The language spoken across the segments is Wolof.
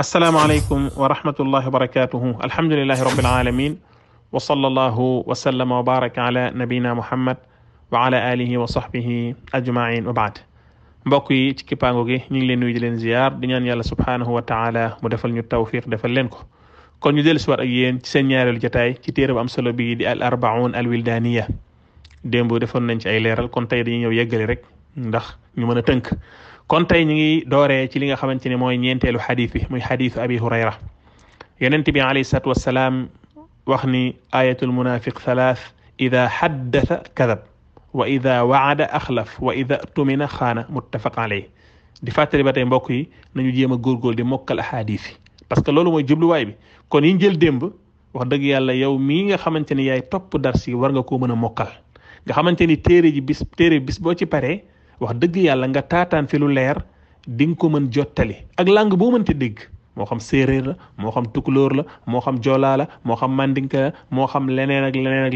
asalaamaaleykum wa rahmatullahi wa barakatuhu alhamdulilahi rabbil alamin wa sallallahu wa sallama wa baraka ala nabina muhammad wa ala alihi wa sahbihi ajmain wa baad mbokk yi ci kippaango gi ñu ngi leen nuyu di leen ziyaar di ñaan yàlla subhaanahu wa taala mu defal ñu tawfiq defal leen ko kon ñu dellu si waat ak yéen ci seen ñaareelu jotaay ci téere bu am solo bii di al arbaun al wildaniya démb defoon nañ ci ay leeral kon tey dañuy ñëw yeggali rek ndax ñu mën a tënk kon tey ñu ngi doore ci li nga xamante ne mooy ñeenteelu xadis bi muy xadisu abi hurayra yonent bi alayhi salaatu wassalaam wax ni ayatul munafiq thalath ida xaddatha wa ida waada axlaf wa ida tumina xaana muttafaq alayh di fàttali ba tey mbokk yi nañu jéem a góorgóor di mokkal ahadis yi parce que loolu mooy jubluwaay bi kon yi jël démb wax dëgg yàlla yow mii nga xamante ni yaay topp dars yi war nga koo mën a mokkal nga xamante ni téere ji bis téere bis boo ci paree wax dëgg yàlla nga taataan fi lu leer di nga ko mën jottali ak langue boo mënti dégg moo xam séeréer la moo xam tukulóor la moo xam joolaa la moo xam mandinka la moo xam leneen ak leneen ak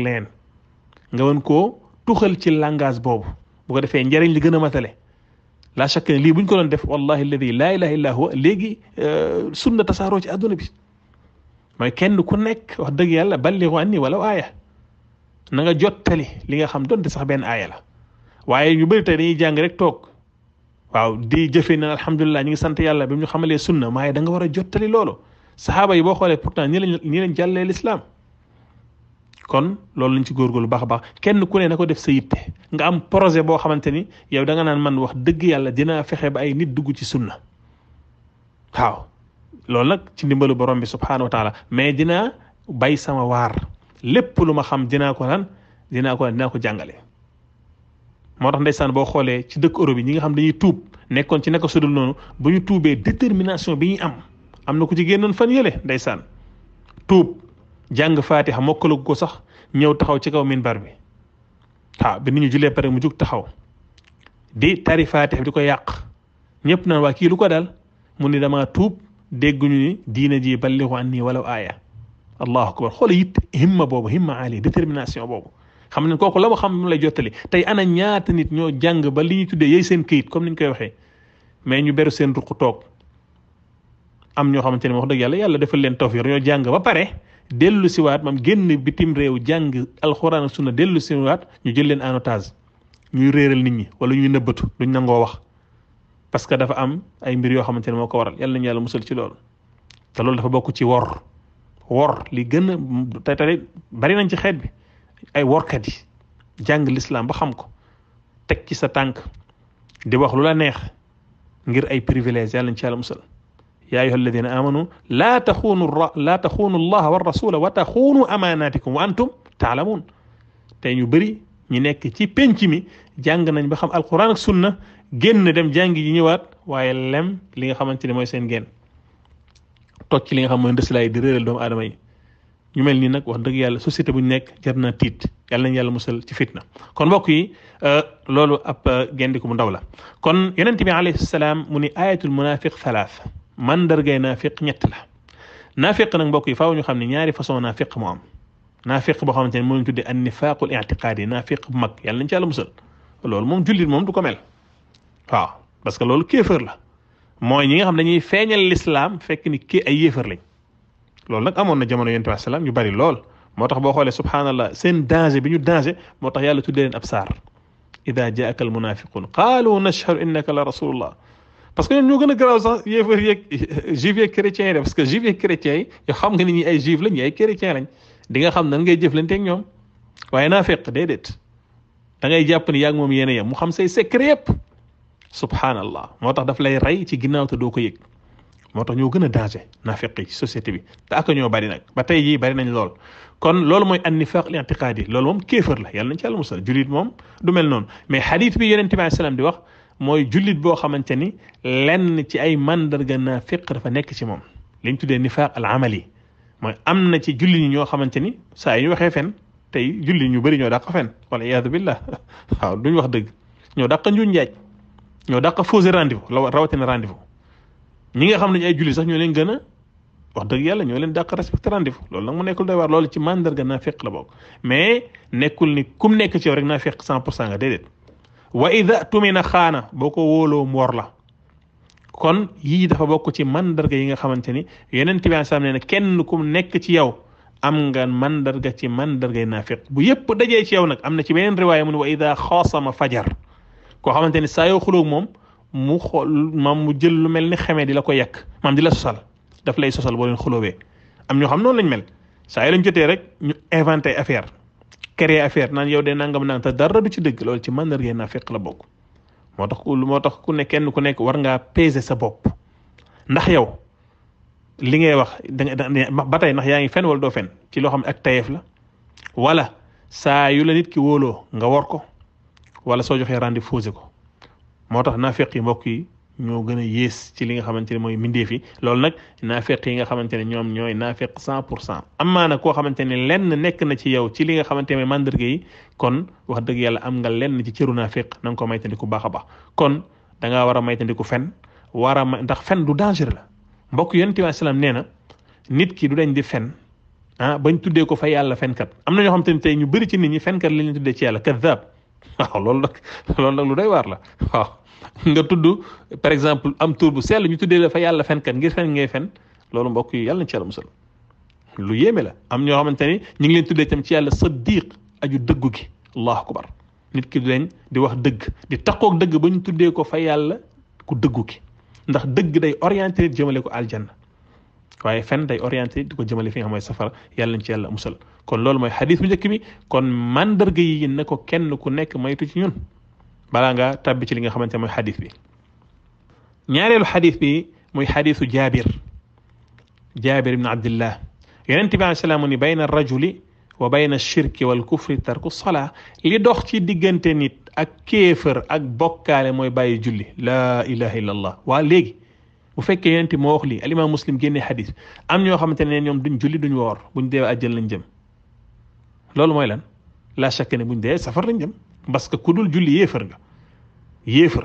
nga mën koo tuxal ci langage boobu bu ko defee njariñ li gën a matale la chaque lii bu ko doon def wallahi alladi laa ilaha illa huwa léegi euh, sunna tasaaroo ci àdduna bi mooy kenn ku nekk wax dëgg yàlla balligu anni walaw aaya na nga jottali li nga xam doonte sax benn aaya la waaye ñu bëri tey dañuy jàng rek toog waaw di jëfee na alhamdulilah ñu ngi sant yàlla bi ñu xamalee sunna maaye da nga war a jottali loolu saxaaba yi boo xoolee pourtant ñi lañ ñi lañ jàllee lislaam kon loolu lañ ci góorgóorlu baax a baax kenn ku ne na ko def sa yitte nga am projet boo xamante ni yow da nga naan man wax dëgg yàlla dinaa fexe ay nit dugg ci sunna waaw loolu nag ci ndimbalu borom bi subhaanahu wa taala mais dina bay sama waar lépp lu ma xam dinaa ko lan dinaa ko dinaa ko jàngale moo tax ndeysaan boo xoolee ci dëkk Europe yi ñi nga xam dañuy tuub nekkoon ci naka sudul noonu bu ñu tuubee détermination bi ñuy am am na ko ci génnoon fan yële ndeysaan tuub jàng faatiha mokkalu ko sax ñëw taxaw ci kaw bar bi waaw bi ni ñu jullee pare mu jug taxaw di tari faatiha bi di ko yàq ñëpp naan waa kiilu ko dal mu ni damaa tuub dégguñu ni diina ji ballihu anni walaw aaya allahu akbar xool it himma boobu himma ali détermination boobu xam ne kooku la mu xam lay jottali tey ana ñaata nit ñoo jàng ba li tuddee yey seen këyit comme ni ñu koy waxee mais ñu beru seen ruq toog am ñoo xamante ne wax dëgg yàlla defal leen tawfiq ñoo jàng ba pare dellu siwaat mam génn bitim réew jàng alxuraan ak sunna dellu siwaat ñu jël leen en ñuy réeral nit ñi wala ñuy nëbbatu duñ nangoo wax parce que dafa am ay mbir yoo xamante ne moo ko waral yàlla nañu yàlla musal ci loolu te loolu dafa bokk ci wor wor li gën a te bari nañ ci xeet bi ay workat yi jàng lislaam ba xam ko teg ci sa tànk di wax lu la neex ngir ay privilège yàlla nañ ci yàlla musal yaa ayyuha alladina amanu laa taxuunu laa taxuunu allaha wa rasula wa taxuunu amanatikum wa antum taalamuun tey ñu bari ñu nekk ci penc mi jàng nañ ba xam alquran ak sunna génn dem jàngi yi ñëwaat waaye lem li nga xamante ne mooy seen génn toog ci li nga xam mooy ndëslaay laay réeral doomu aadama yi ñu mel nii nag wax dëgg yàlla société bu ñu nekk jar naa tiit yàlla nañ yàlla musal ci fitna kon mbokk yi euh, loolu ab euh, gendiku mu ndaw la kon yonent bi alayhi salaam mu ni ayatul munafiq thalath mandargay naafiq ñett la naafiq nag mbokk yi faaw ñu xam ne ñaari façon naafiq moo am naafiq boo xamante ne moo ñu tuddee an nifaaqul i'tiqaadi naafiq bu mag yàlla nañ ci yàlla musal loolu moom jullit moom du ko mel waaw parce que loolu kéefër la mooy ñi nga xam dañuy feeñal lislaam fekk ni kii ay yéefar lañ loolu nag amoon na jamono yonent bi salaam yu bari lool moo tax boo xoolee subhaanallah seen danger bi ñu danger moo tax yàlla tuddee leen ab saar ida jaaka al munafiqun qaalu nashhadu innaka la rasulullah parce que ñoom ñoo gën a garaaw sax yéefar yeeg juif yeeg chrétiens yi parce que juif yeeg chrétiens yi yoo xam nga ni ñi ay juif lañ ñi ay chrétien lañ di nga xam nan ngay jëflanteeg ñoom waaye naafiq déedéet da ngay jàpp ni yaa ngi moom yéen a yem mu xam say secret yëpp subhaanallah moo tax daf lay rey ci ginnaaw te doo ko yëg moo tax ñoo gën a danger naafeq yi société bi te ak ñoo bari nag ba tey yii bari nañ lool kon loolu mooy an nifaq al i'tiqaadi loolu moom kéefër la yàlla nañ ci yàlla musal jullit moom du mel noonu mais xadiit bi yonent bi alayhi salaam di mooy jullit boo xamante ni lenn ci ay mandarga naafeq dafa nekk ci moom liñ tuddee nifaq al amali mooy am na ci jullit ñi xamante ni saa yi ñu waxee fen tey jullit ñu bëri ñoo dàq fen wala iyaadu billah waaw duñ wax dëgg ñoo dàq njuñ njaaj ñoo dàq fausser rendez-vous rawatina rendez-vous ñi nga xam ne ay julli sax ñoo leen gën wax dëgg yàlla ñoo leen dàq respecté rendez-vous loolu nag mu nekkul doy waar loolu ci mandarga naa feq la bokk mais nekkul ni kum nekk ci yow rek naa feq cent pour cent nga déedéet wa ida tumina xaana boo ko wóoloo mu la kon yii dafa bokk ci mandarga yi nga xamante ni yeneen tibaan sam ne ne kenn kum nekk ci yow am nga mandarga ci mandargay naafiq bu yépp dajee ci yow nag am na ci beneen riwaaya mu ne wa ida xaasama fajar koo xamante ni saa yoo xuloog moom mu xool maam mu jël lu mel ni xamee di la ko yàq maam di la sosal daf lay sosal boo leen xulóobee am ñoo xam noonu lañ mel saa yi lañ jotee rek ñu inventé affaire créé affaire naan yow de nangam naan te dara du ci dëgg lool ci mandarga naa fekk la bokk moo tax ku moo tax ku ne kenn ku nekk war ngaa peser sa bopp ndax yow li ngay wax danga ba tey ndax yaa ngi fen wala doo fen ci loo xam ak tayeef la wala saa yu la nit ki wóoloo nga war ko wala soo joxee rendez-vous ko moo tax naafeq yi mbokk yi ñoo gën a yées ci li nga xamante ne mooy mbindeef fi loolu nag naafeq yi nga xamante ne ñoom ñooy naafeq cent pour cent amaa na koo xamante ne lenn nekk na ci yow ci li xamante ne mooy kon wax dëgg am nga lenn ci cëru naafeq na nga ko maytandiku baax a baax kon da war a maytandiku fen war a ndax fen du danger la mbokk yonent bi salaam nee na nit ki du dañ di fen ah bañ tuddee ko fa yàlla fenkat am na ñoo xamante ne tey ñu bëri ci nit ñi fenkat la ñu tuddee ci yàlla kaddaab waaw loolu nag loolu nag lu doy waar la waaw nga tudd par exemple am tur bu seel sell ñu tuddee fa yàlla fenkat ngir fen ngee fen loolu mbokk yi yàlla na ci yàlla musal lu yéeme la am ñoo xamante ni ñu ngi leen tuddee tam ci yàlla saddiq aju dëggu gi allahu akbar nit ki leen di wax dëgg di takkook dëgg ba ñu tuddee ko fa yàlla ku dëggu ki ndax dëgg day orienté jëmale ko aljanna waaye fen day orienté di ko jëmale fi nga xam mooy safara yàlla nañ ci yàlla musal kon loolu mooy xadis bu njëkk bi kon mandarga yi ne ko kenn ku nekk maytu ci ñun balaa nga tàbbi ci li nga xamante mooy xadis bi ñaareelu xadis bi muy xadisu jaabir jaabir ibn abdillah yonent bi alei salaam ni bayna rajuli wa bayna shirki wal kufri tarku salaa li dox ci diggante nit ak kéefër ak bokkaale mooy bàyyi julli laa ilaha illa allah waa léegi bu fekkee yonent bi moo wax lii al imam muslim génnee xadis am ñoo xamante ne ñoom duñ julli duñ woor buñ dee àjjana lañ jëm loolu mooy lan la chaque ne buñ dee safar lañ jëm parce que ku dul julli yéefar nga yéefar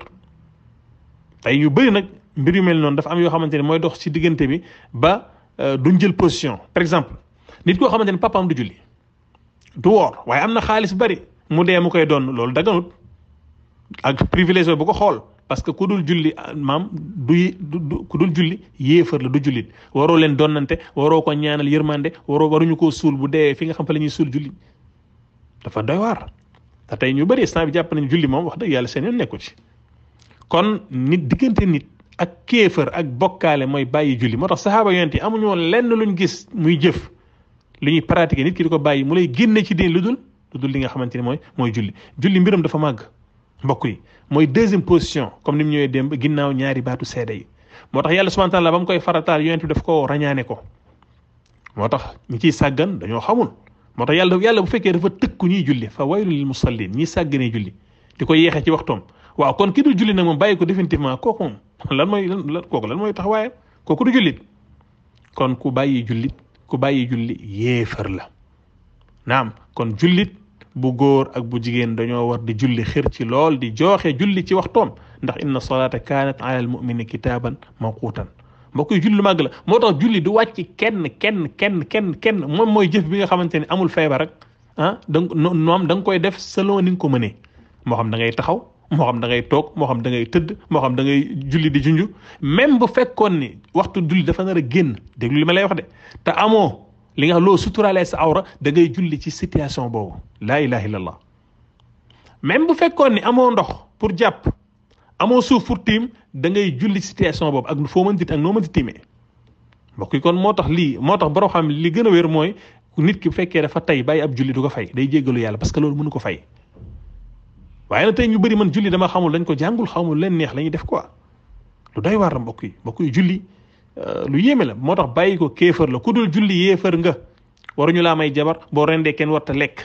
tey yu bëri nag mbir yu mel noonu dafa am yoo xamante ne mooy dox ci diggante bi ba euh, duñ jël position par exemple nit koo xamante ne papaam du julli du waaye am na xaalis bari mu dee mu koy doon loolu daganut ak privilège bu ko xool parce que ku dul julli ah, maam du ku dul julli yéefar la du jullit waroo leen donnante waroo ko ñaanal yërmande waroo waruñu koo suul bu dee fi nga xam fa la ñuy suul julli dafa doy te ñu bëri instant bi jàpp nañ julli moom wax dëgg yàlla seen yoon nekku ci kon nit diggante nit ak kéefër ak bokkaale mooy bàyyi julli moo tax saxaaba yonent yi amuñu woon lenn luñ gis muy jëf lu ñuy pratiquer nit ki di ko bàyyi mu lay génne ci diin lu dul li nga xamante ni mooy mooy julli julli mbiram dafa màgg mbokk yi mooy deuxième position comme ni mu ñëwee démb ginnaaw ñaari baatu seede yi moo tax yàlla subhanahu wa ba mu koy farataal yonent bi daf ko rañaane ko moo tax ñi ciy sàggan dañoo xamul moo tax yàlla yàlla bu fekkee dafa ku ñuy julli fa waylul lil musallin ñiy sàgganee julli di ko yeexee ci waxtoom waaw kon ki du julli nag moom bàyyi ko définitivement kooku moom lan mooy lan kooku lan mooy taxawaayam kooku du jullit kon ku bàyyi jullit ku bàyyi julli yéefar la naam kon bu góor ak bu jigéen dañoo war di julli xir ci lool di jooxe julli ci waxtoom ndax inna salaata kaanat ala al mu'mini kitaaban mawquutan mbokk yi julli mag la moo tax julli du wàcc kenn kenn kenn kenn kenn moom mooy jëf bi nga xamante ne amul feebar rek ah dang noom danga koy def selon ni nga ko mënee moo xam da taxaw moo xam da ngay toog moo xam da ngay tëdd moo xam da ngay julli di junju même bu fekkoon ni waxtu julli dafa nar a génn déglu li ma lay wax de te amoo li nga xam loo suturaalee sa awra da ngay julli ci situation boobu laa ilaha illallah même bu fekkoon ni amoo ndox pour jàpp amoo suuf pour tiim da ngay julli ci situation boobu ak foo mën di ak noo mën di tiimee mbokk yi kon moo tax lii moo tax borom xam li gën a wér mooy nit ki bu fekkee dafa tey bàyyi ab julli du ko fay day jéggalu yàlla parce que loolu mënu ko fay waaye na tey ñu bëri man julli dama xamul dañ ko jàngul xamul leen neex la ñuy def quoi lu doy waar mbokk yi mbokk yi julli lu yéeme la moo tax bàyyi ko kéefër la ku dul julli yéefër nga waruñu laa may jabar boo rendee kenn warta lekk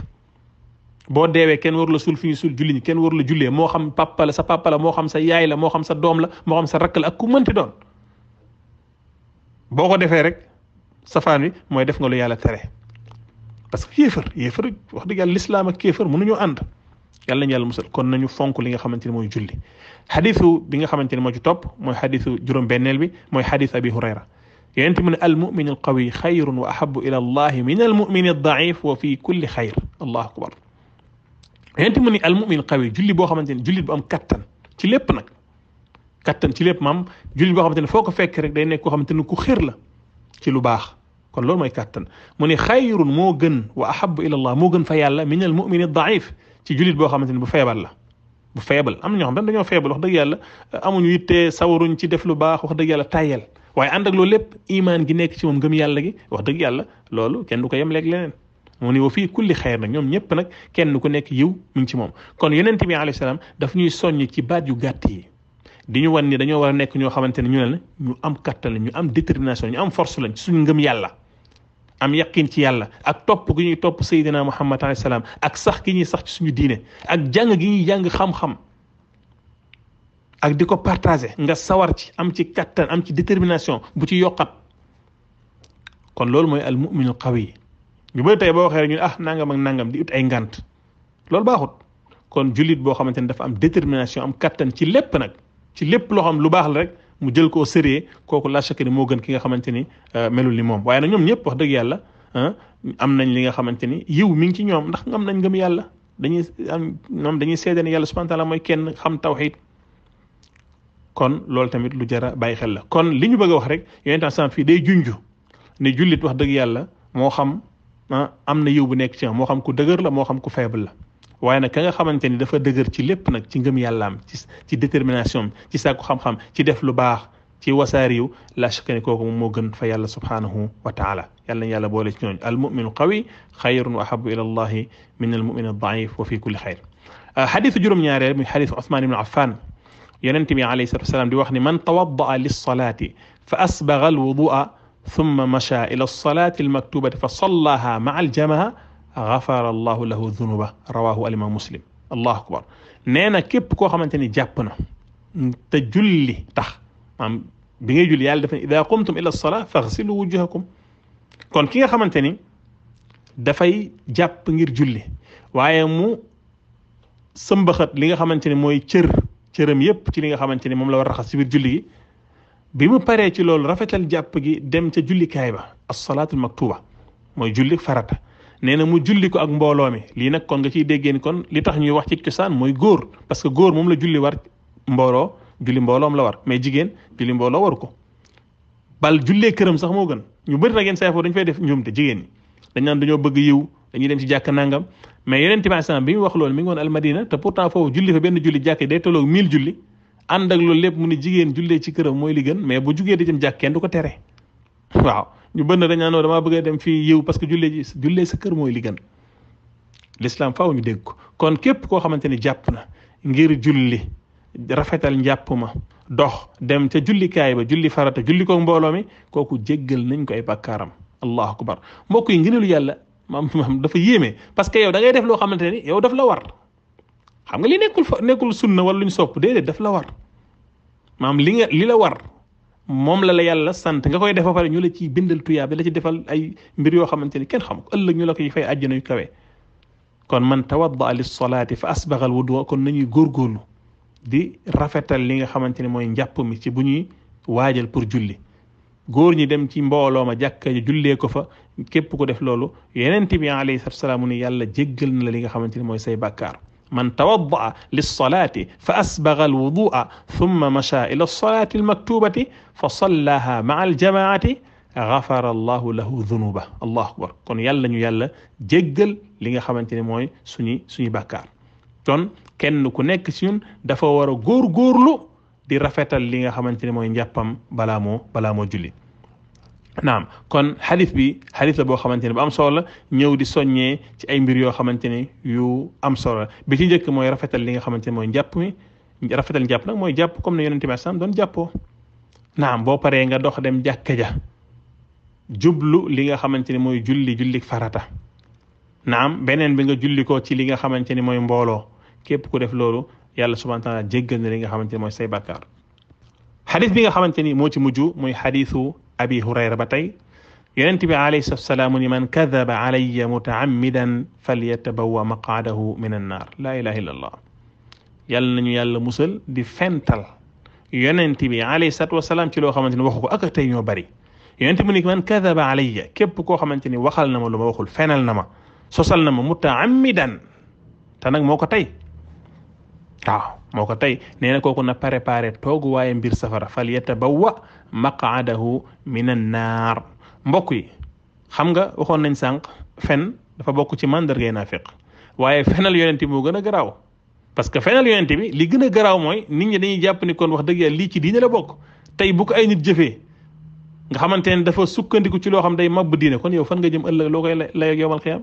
boo deewee kenn waru la suul fi ñu suul julli ñi kenn waru la jullee moo xam papa la sa papa moo xam sa yaay la moo xam sa doom la moo xam sa rakk la ak ku mënti doon boo ko defee rek safaan wi mooy def nga lu yàlla tere parce que yéefër yéefër wax dëgg yàlla lislaam ak kéefër mënuñoo ànd yàlla nañu yàlla musal kon nañu fonk li nga xamante ne mooy julli xadisu bi nga xamante ne moo ci topp mooy xadisu juróom bi mooy xadis abi hurayra yonent mu ne almumin alqawi xayrun wa ahabu ila allahi min almumin aldaif wa fi kulli xayr allahu akbar yonent mu ne almumin alqawi julli boo xamante ne jullit bu am kattan ci lépp nag kattan ci lépp maam jullit boo xamante ne foo ko fekk rek day nekk koo xamante ne ku xër la ci lu baax kon loolu mooy kattan mu ne xayrun moo gën wa ahabu ila moo gën fa yàlla min almumin aldaif ci jullit boo xamante ni bu feebal la bu feebal am na ñoo xam dañoo feebal dëgg yàlla amuñu ittee sawaruñ ci def lu baax wax dëgg yàlla tayel waaye ànd loolu lépp imaan gi nekk ci moom gëm yàlla gi wax dëgg yàlla loolu kenn du ko yem leeg leneen mu ne wa fii kulli xeer nag ñoom ñëpp nag kenn ku nekk yiw mu ci moom kon yonent bi alayhi salaam daf ñuy soññ ci baat yu gàtt yi di ñu ni dañoo war a nekk ñoo xamante ne ñu ne la ñu am kattan la ñu am détermination ñu am force lañ ci suñu ngëm yàlla am yaqin ci yàlla ak topp gi ñuy topp Seydina Muhammad alayhi salaam ak sax ki ñuy sax ci suñu diine ak jàng gi ñuy jàng xam-xam ak di ko partager nga sawar ci am ci kattan am ci détermination bu ci yokkat kon loolu mooy al muminu qawi ñu bëri tey boo waxee ñu ah nangam ak nangam di ut loolu baaxut kon boo xamante ne dafa am détermination am kattan ci lépp nag ci lépp loo xam lu baax la rek mu jël ko sérieux kooku la shakka ni moo gën ki nga xamante ni euh, melul ni moom waaye na ñoom ñëpp wax dëgg yàlla am nañ li nga xamante ni yiw mi ngi ci ñoom ndax am nañ ngëm yàlla dañuy am ñoom dañuy seede yàlla subhanahu wa mooy kenn xam tawhid kon loolu tamit lu jara bàyyi xel la kon li ñu bëgg a wax rek yonent fii day junj ne jullit wax dëgg yàlla moo xam am na yiw bu nekk ci moo xam ku dëgër la moo xam ku faible la waaye nag ka nga xamante ni dafa dëgër ci lépp nag ci ngëm yàllaam ci ci détermination ci sàkku xam-xam ci def lu baax ci wasaar yiw la shakka ni kooku moom moo gën fa yàlla subhanahu wa taala yàlla nañ yàlla boole ci ñooñu al muminu qawi xayrun wa ahabu ila allahi min al mumin al daif wa fi kulli xayr ah, xadisu juróom-ñaareel muy xadisu Ousmane ibn Affan yonent bi alayhi salatu wasalaam di wax ni man tawaddaa lilsalaati fa asbaga alwudua thumma masha ila alsalati almaktubati fa sallaha maa aljamaa gafara allahu lahu dunuba rawahu alimam muslim allahu akbar nee na képp koo xamante ni jàpp na te julli tax maam bi ngay julli yàlla def ne ida qumtum ila salaa faghsilu wujuhakum kon ki nga xamante ni dafay jàpp ngir julli waaye mu sëmbaxat li nga xamante ni mooy cër cëram yépp ci li nga xamante ni moom la war raxas ci biir julli gi bi mu paree ci loolu rafetal jàpp gi dem ca jullikaay ba as salaatul maktuba mooy julli farata nee na mu julli ko ak mbooloo mi lii nag kon nga ciy déggee kon li tax ñuy wax ci cosaan mooy góor parce que góor moom la julli war mbooloo julli mbooloom la war mais jigéen julli mbooloo waru ko bal jullee këram sax moo gën ñu bëri nag yenn saa dañu fay def njuumte jigéen ñi dañ naan dañoo bëgg yiw dañuy dem ci jàkk nangam mais yeneen timasan bi mu wax loolu mi ngi woon almadina te pourtant foofu julli fa benn julli jàkk day tolloog mille julli ànd ak loolu lépp mu ne jigéen jullee ci këram mooy li gën mais bu jugee di jëm jàkk kenn du ko tere waaw ñu bënn dañ naan damaa bëgg a dem fii yiw parce que jullee ji jullee sa kër mooy li gën l'islam faaw ñu dégg ko kon képp koo xamante ni jàpp na ngir julli rafetal njàpp ma dox dem te ca jullikaay ba julli farata julli ko mbooloo mi kooku jéggal nañ ko ay bàkkaaram allahu akbar mbokk yi ngëneelu yàlla maam maam dafa yéeme parce que yow da ngay def loo xamante ni yow daf la war xam nga li nekkul fa nekkul sunna wala lu ñu sopp déedéet daf la war maam li nga li la war moom la la yàlla sant nga koy def ba pare ñu la ciy bindal tuyaab bi la ci defal ay mbir yoo xamante ni kenn xamu ko ëllëg ñu la koy fay àjjana yu kawe kon man tawadda li solaati fa asbaxal wudu kon nañuy góor góorlu di rafetal li nga xamante ne mooy njàpp mi ci bu ñuy waajal pour julli góor ñi dem ci mbooloo ma jàkka ji jullee ko fa képp ko def loolu yeneen bi alayhi salaatu salaam mu ne yàlla jéggal na la li nga xamante ni mooy say bàkkaar man tawaddaa lilsolati fa asbaga alwudua thumma masha ila lsolati almaktubati fa sallaha maa aljamaati gafara allahu lahu dunuba allahu akbar kon yàlla ñu yàlla jéggal li nga xamante ne mooy suñu suñu bàkkaar kon kenn ku nekk ci ñun dafa war a góor góorlu di rafetal li nga xamante ne mooy njàppam balaa moo balaa moo julli naam kon xadis bi xadis la boo xamante ne bu am solo la ñëw di soññee ci ay mbir yoo xamante ne yu am solo bi ci njëkk mooy rafetal li nga xamante ne mooy njàpp mi rafetal njàpp nag mooy jàpp comme ne yonente bi sam doon jàppoo naam boo paree nga dox dem jàkka ja jublu li nga xamante ne mooy julli julli farata naam beneen bi nga julli ko ci li nga xamante ne mooy mbooloo képp ku def loolu yàlla subhanahu wa taala jéggal na li nga xamante ne mooy say bàkkaar xadis bi nga xamante moo ci mujj muy xadisu abi hurayra ba tey yonent bi alayhi salaatu man kadaba alayya mutaammidan falyatabawwa maqaadahu min annaar laa ilaha illa allah yàlla nañu yàlla musal di fental yonent bi alayhi salaatu wa salaam ci loo xamante ni waxu ko ak ñoo bari yonent bi ni man kadaba alayya képp koo xamante ni waxal na ma lu ma waxul fenal na ma sosal na ma mutaammidan te nag moo ko tey waaw moo ko tey nee na kooku na préparé tooguwaaye mbir safara fal yatabawwa maqaadahu min an naar mbokk yi xam nga waxoon nañ sànq fen dafa bokk ci mandargay naafiq waaye fenal yonent bi moo gën a garaaw parce que fenal yonent bi li gën a garaaw mooy nit ñi dañuy jàpp ni kon wax dëgg lii ci diine la bokk tey bu ko ay nit jëfee nga xamante ne dafa sukkandiku ci loo xam day mabb diine kon yow fan nga jëm ëllëg loo koy lay ak yowmal xiyaam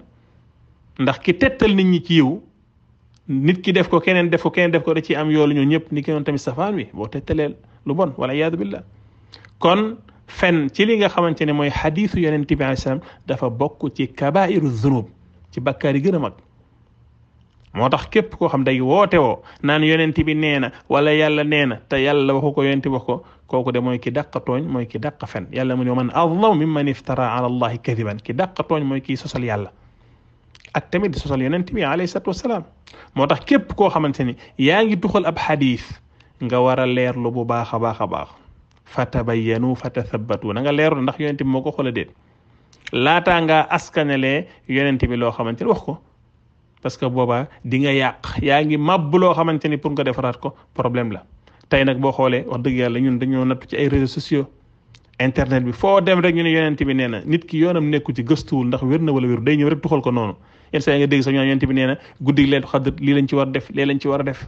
ndax ki tetal nit ñi ci yiw nit ki def ko keneen def ko keneen def ko da ciy am yoolu ñoo ñëpp ni ki noonu tamit safaan wi boo tettaleel lu bon wala iyaadu billah kon fen ci li nga xamante ne mooy xadiisu yonent bi alayhi dafa bokk ci kabairu zunub ci bakkaar yi gën a mag moo tax képp koo xam day woote woo naan yonent bi nee na wala yàlla nee na te yàlla waxu ko yonent wax ko kooku de mooy ki dàq tooñ mooy ki dàq fen yàlla mu ne man azlamu mimman iftara ala allahi kadiban ki dàq tooñ mooy kii sosal yàlla ak tamit di sosal yonent bi alayhi moo tax képp koo xamante ni yaa ngi tuxal ab xadiis nga war a leer lu bu baax a baax a baax fatabayyanu fatathabbatu na nga leerlu ndax yonent bi moo ko xoola déet laataa ngaa askanelee yonent bi loo xamante ni wax ko parce que boobaa di nga yàq yaa ngi màbb loo xamante ni pour nga defaraat ko problème la tey nag boo xoolee wax dëgg yàlla ñun dañoo nattu ci ay réseaux sociaux internet bi foo dem rek ñu ne yonent bi nee na nit ki yoonam nekku ci gëstuwul ndax wér na wala wér day ñëw rek tuxal ko noonu yenn saa yi nga dégg sax ñoo yonent bi nee na guddi leen xadr lii lañ war def lii lañ ci war a def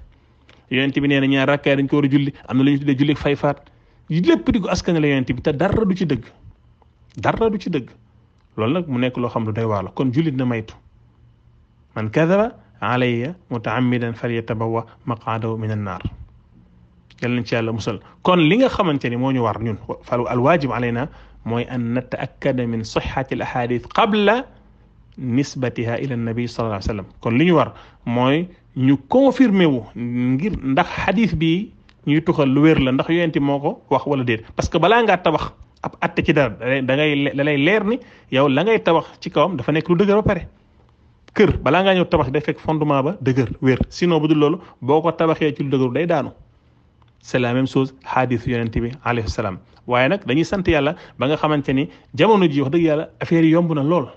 yonent bi nee na ñaar rakkaay dañ ko a julli am na lu ñu tuddee julli fay faat lépp di ko askan la yonent bi te dara du ci dëgg dara du ci dëgg loolu nag mu nekk loo xam lu doy waar kon jullit na maytu man kadaba alayya mutaamidan falyatabawa maqaadahu min an naar yal nañ ci yàlla musal kon li nga xamante ni moo ñu war ñun fa al waajib alayna mooy an nataakkada min sixati al ahadith qabla nisbatiha ila nabi sallallahu alayhi wa sallam kon li ñu war mooy ñu confirmer wu ngir ndax xadis bi ñuy tuxal lu wér la ndax yonent moo ko wax wala déet parce que balaa ngaa tabax ab atte ci da ngay da lay leer ni yow la ngay tabax ci kawam dafa nekk lu dëgër ba pare kër balaa ngaa ñëw tabax day fekk fondement ba dëgër wér sinon bu dul loolu boo ko tabaxee ci lu dëgëru day daanu c'est la même chose xaadis yonent bi alayhi salaam waaye nag dañuy sant yàlla ba nga xamante ni jamono ji wax dëgg yàlla affaire yomb na lool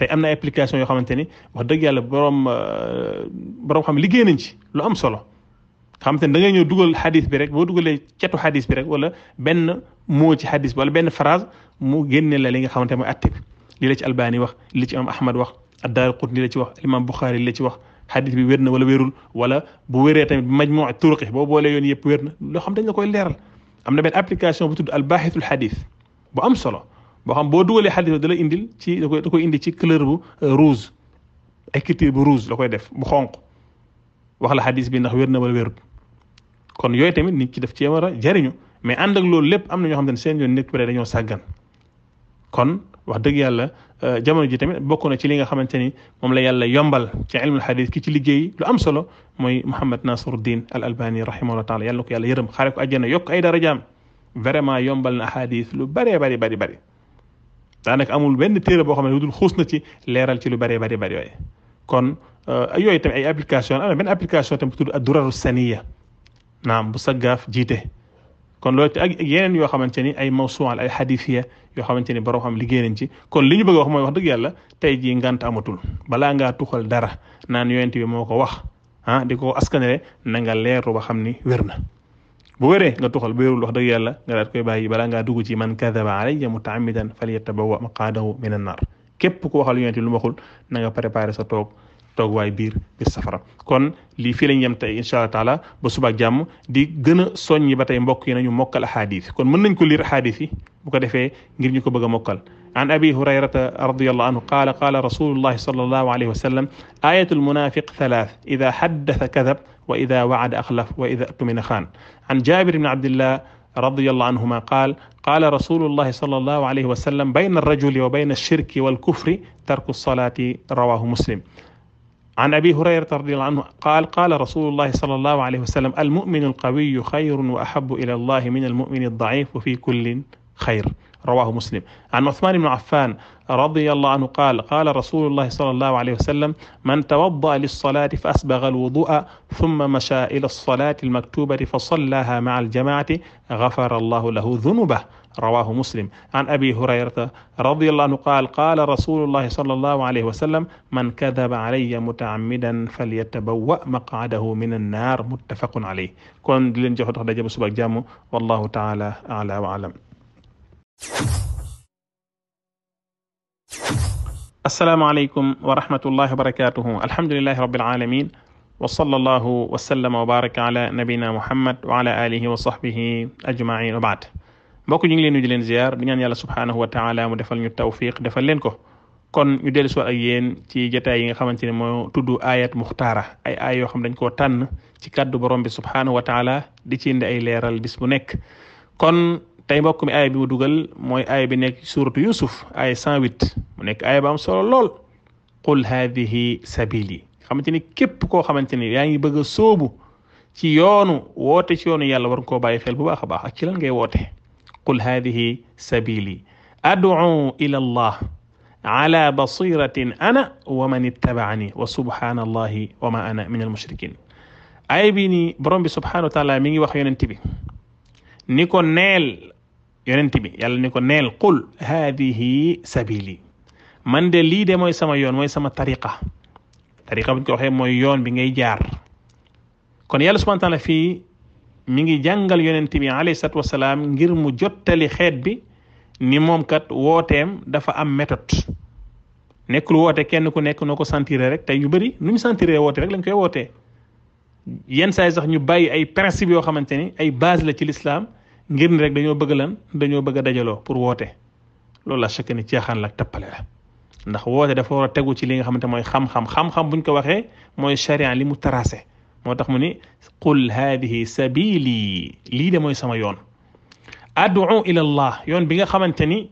tey am na ay application yoo xamante ni wax dëgg yàlla borom euh, borom xam liggéey nañ ci lu am solo xamante ni da ngay ñëw dugal xadis bi rek boo dugalee cetu xadis bi rek wala benn moo ci xadis bi wala benn phrase mu la li nga xamante mooy atte bi lii la ci albani wax li la ci imam ahmad wax addaar qutni lii la ci wax imam buxaari lii la ci wax xadis bi wér na wala wérul wala bu wéree tamit a turuqi boo boolee yoon yëpp wér na loo xam dañ la koy leeral am na benn application bu tudd albaaxitul xadis bu am solo boo xam boo dugalee xadis da lay indil ci da koy indi ci couleur bu euh, rouge ay bu rouge la koy def bu xonq wax la xadis bi ndax wér na wala wérut kon yooyu tamit nit ci def cee war a jariñu mais ànd ak loolu lépp am na ñoo xam ne seen yoon nekk pare dañoo sàggan kon wax dëgg yàlla euh, jamono ji tamit bokk na ci li nga xamante ni moom la yàlla yombal ci ilmul xadis ki ci liggéey lu am solo mooy Mouhamed Nasruddin al albani rahimahullah taala yàlla ko yàlla yërëm xaare ko àjjana yokk ay darajaam vraiment yombal na ahadis lu bëree bari bari bari daanaka amul benn téere boo xam ne lu dul xuus na ci leeral ci lu bëree bëri bëri yooyu kon euh, yooyu tamit ay application am na benn application tamit tudd adduraru saniya naam bu saggaaf jiite kon loolu ak yeneen yoo xamante ni ay mawsuwaal ay xadifiya yoo xamante ni borom xam liggéey nañ ci kon li ñu bëgg wax mooy wax dëgg yàlla tey jii ngant amatul balaa ngaa tuxal dara naan yonent moo ko wax ah di ko askanale na nga leeru ba xam ni wér na bu wéree nga tuxal bu wérul wax dëgg yàlla nga daat koy bàyyi balaa ngaa dugg ci man kadaba alayya mutaamidan falyatabawa maqaadahu min sa toog toog waay biir biir safara kon lii fii lañ yem tey incha allah taala ba subaak jàmm di gën a soññi ba tey mbokk yi nañu mokkal ahadis kon mën nañ ko liir ahadis yi bu ko defee ngir ñu ko bëgg a mokkal an abi hurayrata radiallahu anhu qaala qaala rasulullahi sallallahu alayhi wa sallam ayatul munafiq thalath ida haddasa kadab wa ida waada axlaf wa ida tumina xaan an jabir ibn abdillah radiyallahu anhuma qaal qaala rasulullahi sallallahu alayhi wa sallam bayna arrajuli wa bayna alshirki walkufri tarku alsolati rawahu muslim an abi hurayrata radiyallahu anhu qaal qaala rasulullahi sallallahu alayhi wa sallam almuminu alqawiyu xayrun wa ahabu ila allahi min almumini aldaif wa fi kullin xayr رواه مسلم عن عثمان بن عفان رضي الله عنه قال قال رسول الله صلى الله عليه وسلم من توضأ للصلاة فأسبغ الوضوء ثم مشى إلى الصلاة المكتوبة فصلاها مع الجماعة غفر الله له ذنوبه رواه مسلم عن أبي هريرة رضي الله عنه قال قال رسول الله صلى الله عليه وسلم من كذب علي متعمدا فليتبوأ مقعده من النار متفق عليه kon di leen jox tax daje ba suba ak jàmm wallahu taala ala wa alam asalaamaaleykum wa rahmatullahi wa barakaatuhu alhamdulilahi rabbil alamin wa sallallahu wa sallama wa baraka ala nabina muhammad wa ala alihi wa sahbihi ajmain wa baad mbokk ñu ngi leen di leen ziar di ñaan yàlla subhaanahu wa taala mu defal ñu tawfiq defal leen ko kon ñu dellu si ak yéen ci jotaay yi nga xamante ne moo tudd ayat muxtaara ay aay yoo xam dañ koo tànn ci kàddu borom bi subhaanahu wa taala di ci indi ay leeral bis bu nekk kon tey mbokk mi aaya bi mu dugal mooy aaya bi nekk suratu yusuf aaya cent huit mu nekk aaya ba am solo lool qul haadihi sabili xamante ni képp koo xamante ni yaa ngi bëgg a sóobu ci yoonu woote ci yoonu yàlla war nga koo bàyyi xel bu baax a baax ak ci lan ngay woote qul haadihi sabili adu ila allah ala basiratin ana wa man ittabaani wa subhaana allahi wa ma ana min almushrikin aaya bi nii borom bi subhanahu wa taala mi ngi wax yonent bi ni ko neel yonent bi yàlla ni ko neel qul haadihi sabili man de lii de mooy sama yoon mooy sama tariqa tariqa buñ ko mooy yoon bi ngay jaar kon yàlla subhana fii mi ngi jàngal yonent bi alayhi ngir mu jottali xeet bi ni moom kat wooteem dafa am méthode nekkul woote kenn ku nekk noo ko sentir rek tey ñu bari nuñ ñu woote rek lañ koy woote yenn saa sax ñu bàyyi ay principe yoo xamante ni ay base la ci lislaam ngir ni rek dañoo bëgg lan dañoo bëgg a dajaloo pour woote loolu la chaque ni caaxaan la ak tappale ndax woote dafa war a tegu ci li nga xamante mooy xam-xam xam-xam buñ ko waxee mooy charian li mu tracé moo tax mu ni qul haadihi sabili lii de mooy sama yoon adu ila allah yoon bi nga xamante ni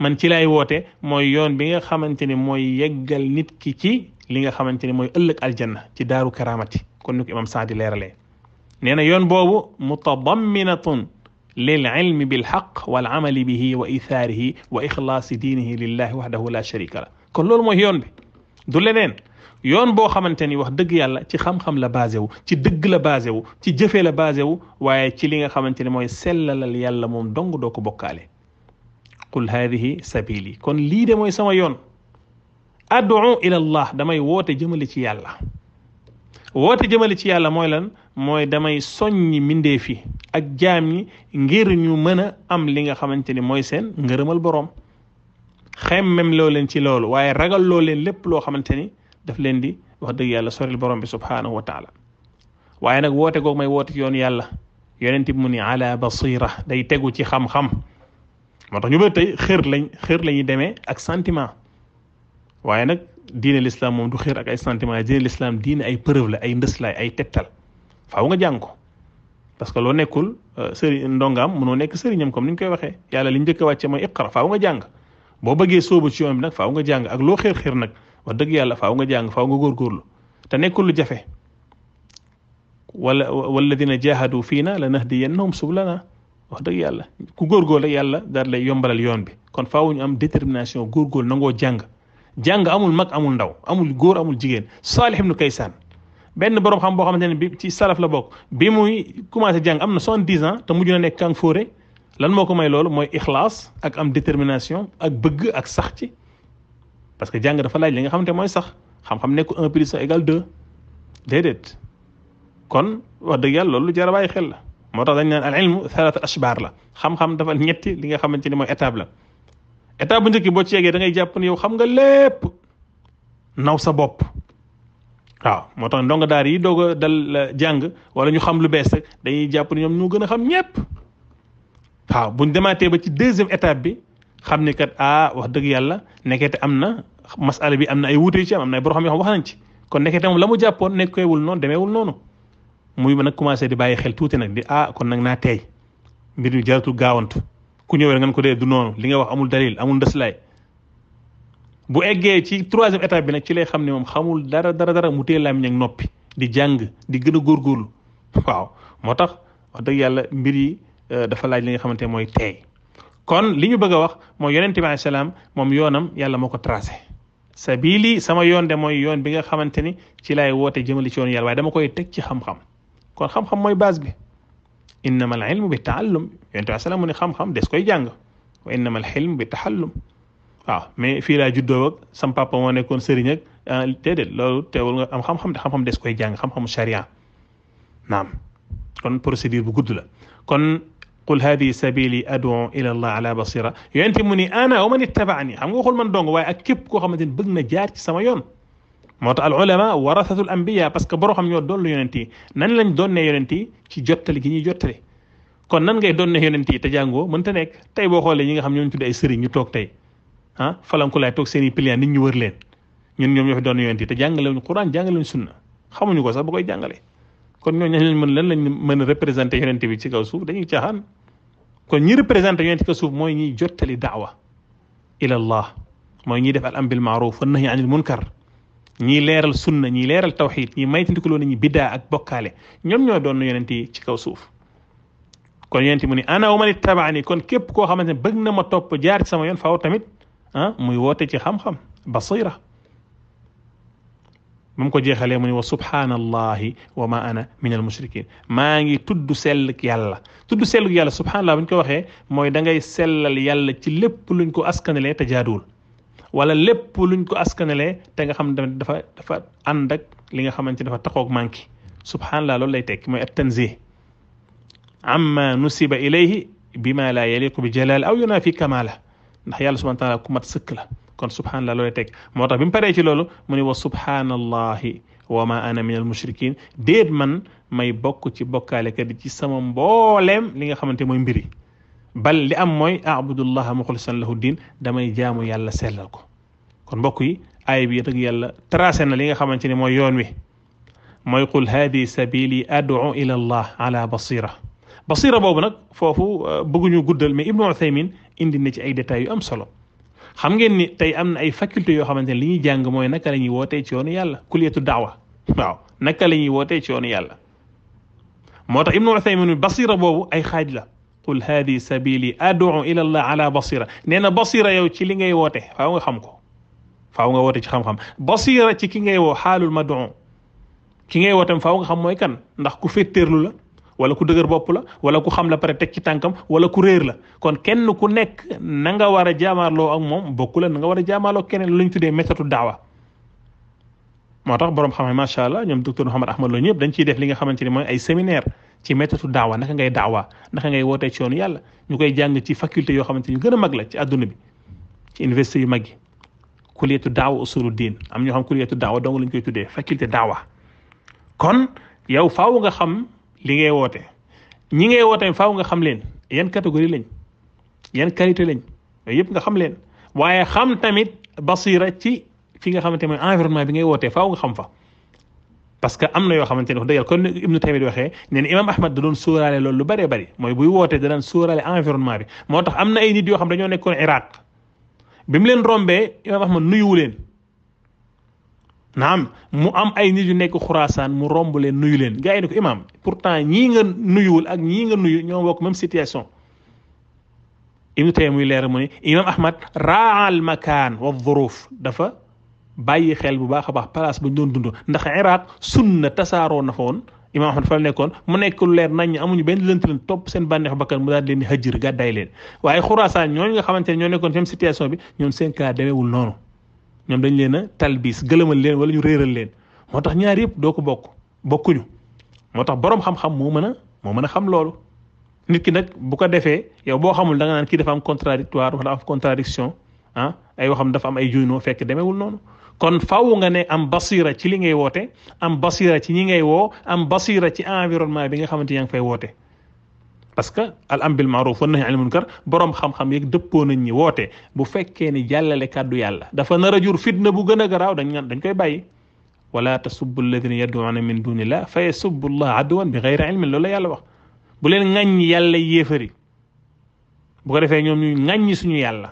man ci lay woote mooy yoon bi nga xamante ni mooy yeggal nit ki ci li nga xamante ni mooy ëllëg aljanna ci daaru karamati kon ni ko imam saadi leeralee nee na yoon boobu mutadamminatun lil ilmi bil haqq wal amali bihi wa ithaarihi wa ixlaasi diinihi lillahi wahdahu la la kon loolu mooy yoon leneen yoon boo xamante ni wax dëgg yàlla ci xam la basé wu ci dëgg la basé wu ci jëfee la basé wu waaye ci li nga xamante ne mooy sellalal yàlla moom dong doo ko bokkaale qul haadihi sabili kon lii de mooy sama yoon ad'u ila allah damay woote jëmale ci yàlla woote jëmale ci yàlla mooy lan mooy damay soññi mbindeef yi ak jaam yi ngir ñu mën a am li nga xamante ni mooy seen ngërëmal boroom xemmem loo leen ci loolu waaye ragal loo leen lépp loo xamante ni daf leen di wax dëgg yàlla soril borom bi subhaanahu wa taala waaye nag woote googu may woote yoon yàlla yonent bi mu ni ala basira day tegu ci xam-xam moo tax ñu bëri tey xër lañ xër la demee ak sentiment waaye nag diine l'islam moom du xër ak ay sentiment diine l'islam diine ay preuve la ay ndës la ay tegtal faaw nga jàng ko parce que loo nekkul euh, sëriñ ndongaam mënoo nekk sëriñam comme ni ñu koy waxee yàlla li njëkk wàcce mooy iqra faaw nga jàng boo bëggee sóobu ci yoon bi nag faaw nga jàng ak loo xéer xéer nag wax dëgg yàlla faaw nga jàng faaw nga góorgóorlu te nekkul lu jafe wala walladina jahadu fii na la nahdiyannahum sublana wax dëgg yàlla ku góorgóor rek yàlla daal lay yombalal yoon bi kon faaw ñu am détermination góorgóor nangoo jàng jàng amul mag amul ndaw amul góor amul jigéen Saalih ibnu Kaysaan benn borom xam boo xamante ne bi ci salaf la bokk bi muy commencé jàng am na son dix ans te mujj na nekk kàng fóore lan moo ko may loolu mooy ixlaas ak am détermination ak bëgg ak sax ci parce que jàng dafa laaj li nga xamante mooy sax xam-xam nekk un plus un égal deux déedéet kon wax dëgg yàlla lu jar a xel la moo tax dañ naan al ilmu thalatha dafa ñetti li nga xamante ni mooy étape la étape bu njëkk boo ci yeggee da ngay jàpp ne yow xam nga lépp naw sa bopp waaw moo tax ndongo daar yi doog a dal jàng wala ñu xam lu bees rek dañuy jàpp ne ñoom ñu gën a xam ñëpp waaw ñu demaatee ba ci deuxième étape bi xam ne kat ah wax dëgg yàlla nekkete am na masala bi am na ay wuute yu ci am am na ay borom yoo xam wax nañ ci kon nekkete moom la mu jàppoon nekkeewul noonu demeewul noonu muy nag commencé di bàyyi xel tuuti nag di ah kon nag naa teey mbir yu jaratul gaawant ku ñëwee ngeen ko dee du noonu li nga wax amul dalil amul ndëslaay bu eggee ci troisième étape bi nag ci lay xam ne moom xamul dara dara dara mu teel làmmiñ ak noppi di jàng di gën a góorgóorlu waaw moo tax wax dëgg yàlla mbir yi euh, dafa laaj li nga xamante mooy teey kon li ñu bëgg a wax mooy yonent bi alayhi salaam moom yoonam yàlla moo ko tracé sabili sama yoon de mooy yoon bi nga xamante ni ci laay woote jëmali ci yoon yàlla waaye koy teg ci xam-xam kon xam-xam mooy baas bi innama al ilmu bi taallum yonent bi alayhi salaam mu ne xam-xam des koy jàng wa innama al xilm bi taxallum waaw mais fii laa juddoo ak sam papa moo nekkoon sëriñ ak ah, déedéet loolu teewul nga am xam-xam de xam-xam des koy jàng xam-xamu charia naam kon procédure bu gudd la kon qul hadihi sabili ad'u ila allah ala basira yonente mu ana wa man ittabaani xam nga waxul man dong waaye ak képp koo xamante ni bëgg na jaar ci sama yoon moo tax al ulama warasatul anbiya parce que borom xam ñoo doon lu yonent nan lañ doonnee yonent yi ci jottali gi ñuy jottali kon nan ngay doonnee yonent yi te jàngoo mënta nekk tey boo xoolee ñi nga xam ñoo ñu tudd ay sëriñ ñu toog tey ah falanku lay toog seen i nit ñu wër leen ñun ñoom ñoo doon yonent yi te jàngale wuñu Quraan jàngale wuñu sunna xamuñu ko sax ba koy jàngale kon ñoo ñax mën lan lañ mën représenté yonent bi ci kaw suuf dañuy caaxaan kon ñi représenté yonent ci suuf mooy ñiy jottali daawa ila allah mooy ñiy def al am bil maaruf wa nahyi anil munkar ñii leeral sunna ñii leeral tawxid ñii maytandikuloo nañu biddaa ak bokkaale ñoom ñoo doon yonent yi ci kaw suuf kon yonent mu ni ana wa man ittabaani kon képp koo xamante ne bëgg na ma topp jaar sama yoon faaw tamit ah muy woote ci xam-xam basira ba mu ko jeexalee mu ne wa subhanallahi wa ma ana min al mushrikin maa ngi tudd selluk yàlla tudd selluk yàlla subhanallah bu ñu ko waxee mooy dangay ngay sellal yàlla ci lépp luñ ko askanalee te jaaduwul wala lépp luñ ko askanalee te nga xam ne dafa dafa ànd li nga xamante dafa taxoog manqué subhanallah loolu lay tekki mooy at tanzih amma nusiba ilayhi bima la yaliqu bi jalal aw yunafi kamala ndax yàlla subhanahu wa ku mat sëkk la kon subhanallah loolee teg moo tax bi mu paree ci loolu mu ne wa subhanallahi wa ma ana min al mushrikin man may bokk ci bokkaalekat yi ci sama mbooleem li nga xamante mooy mbiri bal li am mooy abudullaha muxlisan lahu diin damay jaamu yàlla sellal ko kon mbokk yi bi dëgg yàlla tracé na li nga xamante ne mooy yoon wi mooy qul haadi sabili ad'u ila allah ala basira basira boobu nag foofu euh, ñu guddal mais Ibnu Uthaymin indi na ci ay détails yu am solo xam ngeen ni am na ay faculté yoo xamante ne li jàng mooy naka la ñuy wootee ci yoonu yàlla kuliyatu daawa waaw naka la ñuy wootee ci yoonu yàlla moo tax Ibnu Uthaymin basira boobu ay xaaj la qul haadi sabili ad'u ila allah ala basira nee na basira yow ci li ngay woote faaw nga xam ko faaw nga woote ci xam-xam basira ci ki ngay woo xaalul mad'u ki ngay wootam faaw nga xam mooy kan ndax ku féttéerlu la wala ku dëgër bopp la wala ku xam la pare teg ci tànkam wala ku réer la kon kenn ku nekk na nga war a jaamaarloo ak moom bokku la nga war a jaamaarloo keneen lu ñu tuddee méthode daawa moo tax borom xam-xam macha allah ñoom docteur Mouhamed Ahmad Lo ñëpp dañ ciy def li xamante ni mooy ay séminaire ci daawa naka ngay daawa naka ngay wootee ci yoonu yàlla ñu koy jàng ci faculté yoo xamante ni gën a mag la ci adduna bi ci université yu mag yi kuliyatu daawa usulu din am ñoo xam ku kuliyatu daawa dong lañ koy tuddee faculté daawa kon yow faaw nga xam li ngay woote ñi ngay woote faaw nga xam leen yan catégorie lañ yan qualité lañ yooyu yëpp nga xam leen waaye xam tamit basira ci fi nga xamante mooy environnement bi ngay wootee faaw nga xam fa parce que am na yoo xamante ne wax dëgg yàlla kon Ibnu Taymiya di waxee nee na imam ahmad da doon sóoraale loolu lu bëree bëri mooy buy wootee da daan sóoraale environnement bi moo tax am na ay nit yoo xam dañoo nekkoon Iraq bi mu leen rombee imam ahmad nuyuwu leen naam mu am ay nit yu nekk xuraasaan mu romb leen nuyu leen gars yi ne ko imaam pourtant ñii nga nuyuwul ak ñii nga nuyu ñoo bokk même situation ibnu muy leer mu ne imaam ahmad raal makaan wa dhuruf dafa bàyyi xel bu baax a baax place ba ñu dund ndax iraq sunna tasaaroo na fa woon imaam ahmad fa la nekkoon mu nekk lu leer nañ amuñu benn lënt leen topp seen bànneex bakkan mu daal leen di hëjjër gàddaay leen waaye xuraasaan ñooñu nga xamante ne ñoo nekkoon même situation bi ñoom seen cas demeewul ñoom dañ leen a talbis gëlëmal leen wala ñu réeral leen moo tax ñaar yëpp doo ko bokk bokkuñu moo tax borom xam-xam moo mën a moo mën a xam loolu nit ki nag bu ko defee yow boo xamul da nga naan kii dafa am contradictoire wala am contradiction ah ay waxam dafa am ay juynoo fekk demewul noonu kon faaw nga ne am basira ci li ngay woote am basira ci ñi ngay woo am basira ci environnement bi nga xamante yaa ngi fay woote parce que al am bil maaruf wan nahi anil munkar borom xam-xam yeeg dëppoo nañ ñi woote bu fekkee ni jàllale kàddu yàlla dafa nar a jur fitna bu gën a garaaw dañ dañ koy bàyyi wala tasubbu alladina yad'una min dunillah fa yasubbu llah aduwan bi gayri ilmin loolu la yàlla wax bu leen ŋàññ yàlla yéefari bu ko defee ñoom ñu ŋàññ suñu yàlla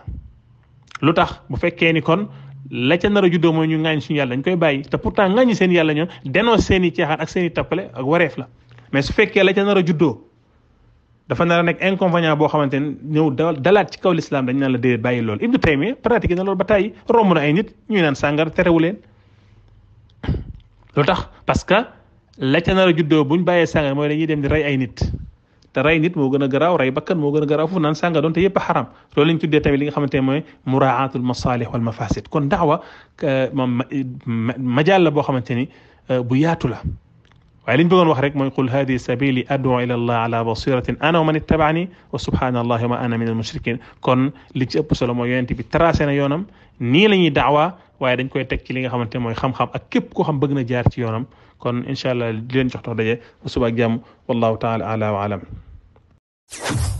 lu tax bu fekkee ni kon la ca nar a ñu ŋàññ suñu yàlla dañ koy bàyyi te pourtant ŋàññ seen yàlla ñoom dénonce seen i caaxaan ak seen i tappale ak wareef la mais su fekkee la ca nar a juddoo dafa nar a nekk inconvénient boo xamante ne ñëw dalaat ci kaw lislaam dañ naan la déedéet bàyyi loolu Ibnu Taymiya pratique na loolu ba tàyyi romb na nit ñuy naan sàngar terewu leen tax parce que la ca nar a juddoo ñu bàyyee sàngar mooy dañuy dem di rey ay nit te rey nit moo gën a garaaw rey bakkan moo gën a garaaw foofu naan sàngar doon te yëpp a xaram loolu lañ tuddee tamit li nga xamante ne mooy muraatul masalih wal mafasid kon daawa euh, moom majaal la boo xamante ni euh, bu yaatu la waaye li ñu bëggoon wax rek mooy qul hadi sabili ad'u ila allah ala basiratin ana wa ana min al kon li ci ëpp solo mooy yonent bi tracé na yoonam nii la ñuy daawa waaye dañ koy teg ci li nga xamante mooy xam-xam ak képp koo xam bëgg na jaar ci yoonam kon incha allah di leen jox dox daje ba suba ak jàmm wallahu taala ala wa